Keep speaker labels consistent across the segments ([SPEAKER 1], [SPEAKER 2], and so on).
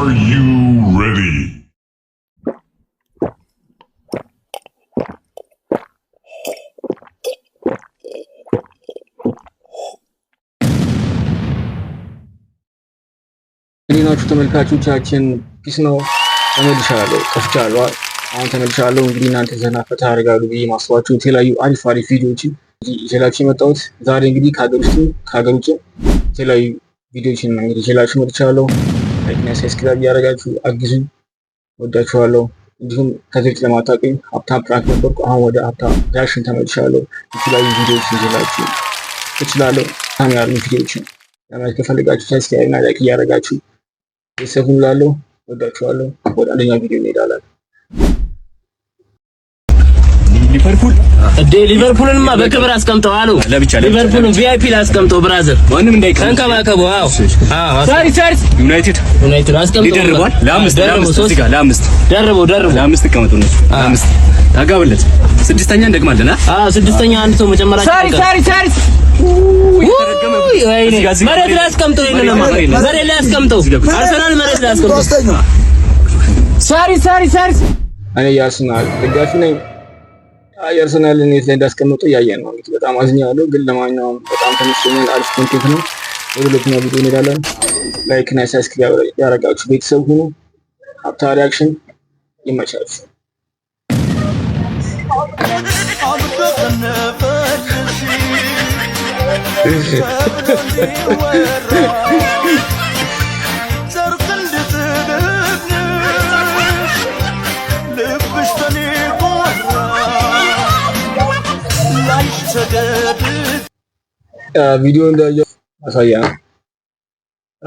[SPEAKER 1] Are you ready? ዜናዎቹ ተመልካቾቻችን ፒስ ነው። ተመልሻለሁ፣ ጠፍቻለሁ። አሁን ተመልሻለሁ። እንግዲህ እናንተ ዘና ፈታ ያደርጋሉ ብዬ ማስባቸው የተለያዩ አሪፍ አሪፍ ቪዲዮዎችን ይዤላችሁ የመጣሁት ዛሬ እንግዲህ ከሀገር ውስጥ ከሀገር ውጭ የተለያዩ ቪዲዮዎችን ነው እንግዲህ ይዤላችሁ መጥቻለሁ። ላይክና ሰብስክራይብ እያደረጋችሁ አግዙኝ። ወዳችኋለሁ። እንዲሁም ከዚህ በፊት ለማታውቁኝ ሀብታም ፕራንክ ነበርኩ። አሁን ወደ ሀብታም ዳሽን ተመልሻለሁ። የተለያዩ ቪዲዮዎች ይዤላችሁ እችላለሁ። ታም ያሉ ቪዲዮዎችን ለማየት ከፈልጋችሁ ሰብስክራይብ እና ላይክ እያደረጋችሁ ቤተሰብ ሁኑ እላለሁ። ወዳችኋለሁ። ወደ አንደኛው ቪዲዮ እንሄዳለን።
[SPEAKER 2] ሊቨርፑል
[SPEAKER 3] እንደ ሊቨርፑልንማ በክብር አስቀምጠው አሉ። ሊቨርፑልን ቪአይፒ ላስቀምጠው፣ ብራዘር ማንም እንዳይቀር ተንከባከቡ። አዎ አዎ፣ ሳሪ ሳሪ ዩናይትድ ዩናይትድ አስቀምጠው
[SPEAKER 4] ይደርባል። ለአምስት ለአምስት እዚህ ጋር ለአምስት ደርቦ ደርቦ ለአምስት ይቀመጡ እነሱ ለአምስት ታጋብለት ስድስተኛ እንደግማለን።
[SPEAKER 3] አዎ ስድስተኛ አንድ ሰው መጨመራችን ሳሪ ሳሪ ሳሪ መሬት ላይ አስቀምጠው፣ ይሄንንማ መሬት ላይ አስቀምጠው፣ አርሰናል መሬት ላይ አስቀምጠው። ሳሪ ሳሪ ሳሪ
[SPEAKER 1] እኔ የአርሰናል ደጋፊ ነኝ። የአርሰናል ኔት ላይ እንዳስቀምጡ እያየ ነው። በጣም አዝኛለሁ፣ ግን ለማንኛውም በጣም ተመችቶኛል። አሪፍ ኮንቴንት ነው። ወደ ሁለተኛ ቪዲዮ እንሄዳለን። ላይክ ና ሳብስክራይብ ያደረጋችሁ ቤተሰብ ሁኑ። ሀብታ ሪያክሽን ይመቻል። ቪዲዮ እንዳየ ማሳያ ነው።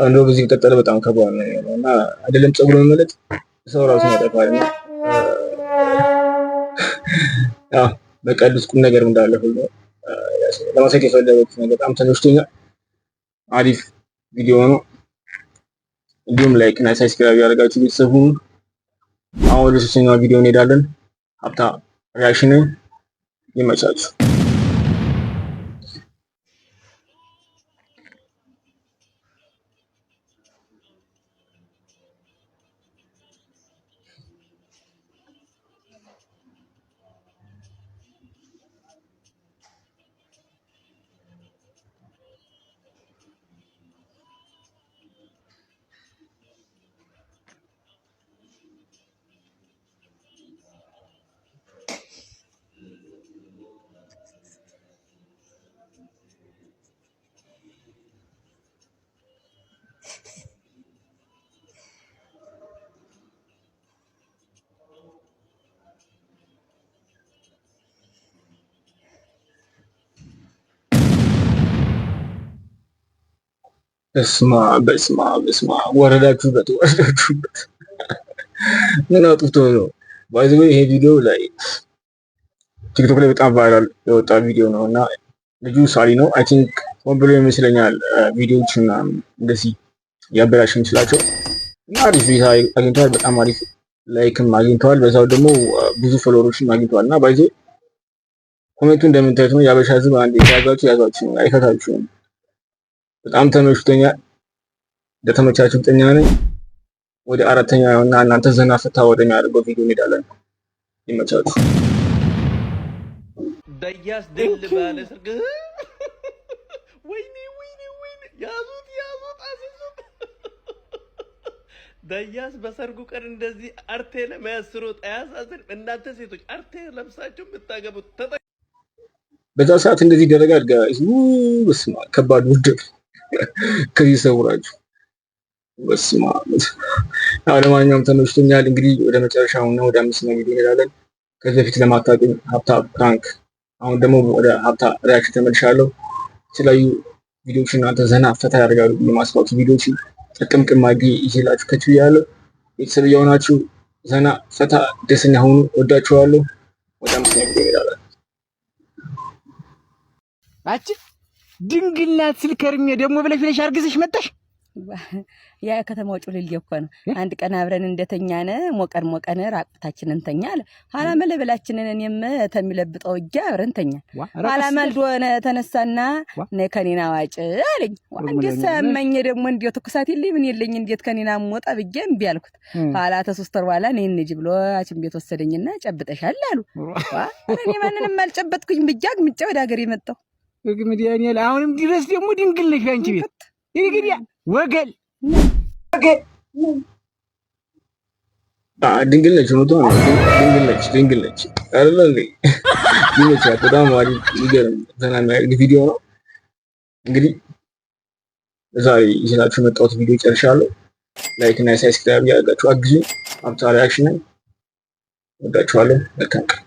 [SPEAKER 1] አንዶ በዚህ ከቀጠለ በጣም ከባድ ነው የሚሆነው እና አይደለም ፀጉር መመለጥ ሰው ራሱ ያጠፋል። በቀልድ ውስጥ ቁም ነገር እንዳለ ሁሉ ለማሳየት የፈለጉት ነገር በጣም ተመችቶኛል። አሪፍ ቪዲዮ ነው። እንዲሁም ላይክ እና ሳብስክራይብ ያደርጋችሁ ቤተሰብ አሁን ወደ ሶስተኛው ቪዲዮ እንሄዳለን። ሀብታ ሪያክሽን ይመቻችሁ። እስማ በስማ በስማ ወረዳችሁበት ወረዳችሁበት። ምን አጥፍቶ ነው? ባይዘ ይሄ ቪዲዮ ላይ ቲክቶክ ላይ በጣም ቫይራል የወጣ ቪዲዮ ነው እና ልጁ ሳሊ ነው አይ ቲንክ ሆን ብሎ ይመስለኛል ቪዲዮዎች እና እንደዚህ ያበላሽ ይመስላቸው እና አሪፍ ቤታ አግኝተዋል። በጣም አሪፍ ላይክም አግኝተዋል። በዛው ደግሞ ብዙ ፎሎወሮችም አግኝተዋል እና ባይዘ ኮሜንቱ እንደምታዩት ነው። የአበሻ ህዝብ አንድ ያዟችሁ ያዟችሁ አይከታችሁም በጣም ተመችቶኛል። እንደተመቻችሁ እርግጠኛ ነኝ። ወደ አራተኛ እና እናንተ ዘና ፈታ ወደሚያደርገው ቪዲዮ እንሄዳለን። ይመቻችሁ።
[SPEAKER 5] በያስ ድል ባለ ሰርግ ወይኔ ወይኔ ወይኔ! ያዙት ያዙት አስይዙት! በያስ በሰርጉ ቀን እንደዚህ አርቴ ለመያዝ ስሮጥ አያሳዝንም? እናንተ ሴቶች አርቴ ለብሳችሁ የምታገቡት
[SPEAKER 1] በዛ ሰዓት እንደዚህ ደረጋ አድጋ ስማ ከባድ ውድብ ከዚህ ሰውራችሁ። በስመ አብ። ለማንኛውም ተመችቶኛል። እንግዲህ ወደ መጨረሻው እና ወደ አምስት ነው ቪዲዮ እንሄዳለን። ከዚህ በፊት ለማታውቁኝ ሀብታ ፕራንክ፣ አሁን ደግሞ ወደ ሀብታ ሪያክሽን ተመልሻለሁ። የተለያዩ ቪዲዮዎችን እናንተ ዘና ፈታ ያደርጋሉ የማስታወቂ ቪዲዮዎችን ጥቅምቅም አድርጌ ይዤላችሁ ከች ብያለሁ። ቤተሰብ እየሆናችሁ ዘና ፈታ ደስተኛ ሆኑ። ወዳችኋለሁ። ወደ አምስት ነው ቪዲዮ እንሄዳለን።
[SPEAKER 6] ድንግልናት ናት ስል ከርሜ ደግሞ ብለሽ ብለሽ አርግዝሽ መጣሽ።
[SPEAKER 7] ያ ከተማው ጩልል እኮ ነው። አንድ ቀን አብረን እንደተኛነ ሞቀን ሞቀን ራቁታችንን ተኛ አለ። ኋላ መለበላችንን እኔም ተሚለብጠው እጃ አብረን ተኛ። ኋላ መልዶ ተነሳና ነይ ከኔና ዋጭ አለኝ። እንዴት ሰመኝ ደግሞ እንዲ ትኩሳት የለኝ ምን የለኝ እንዴት ከኔና ሞጣ ብዬ እምቢ አልኩት። ኋላ ተሶስት ወር በኋላ ነይ እንሂድ ብሎ ሐኪም ቤት ወሰደኝና ጨብጠሻል አሉ። እኔ ማንንም አልጨበጥኩኝ ብዬ አግምጬ ወደ ሀገር የመጣው
[SPEAKER 6] መድኃኒዓለም አሁንም ድረስ ደግሞ ድንግል ነሽ አንቺ ቤት እንግዲህ ወገል
[SPEAKER 1] ድንግል ነች ነው ድንግል ነች ድንግል ነች አይደለ እንዴ በጣም ቪዲዮ ነው እንግዲህ ዛሬ ይችላችሁ የመጣሁት ቪዲዮ ጨርሻለሁ ላይክ እና ሳብስክራይብ አግዙኝ አብታ ሪያክሽን ወዳችኋለሁ መልካም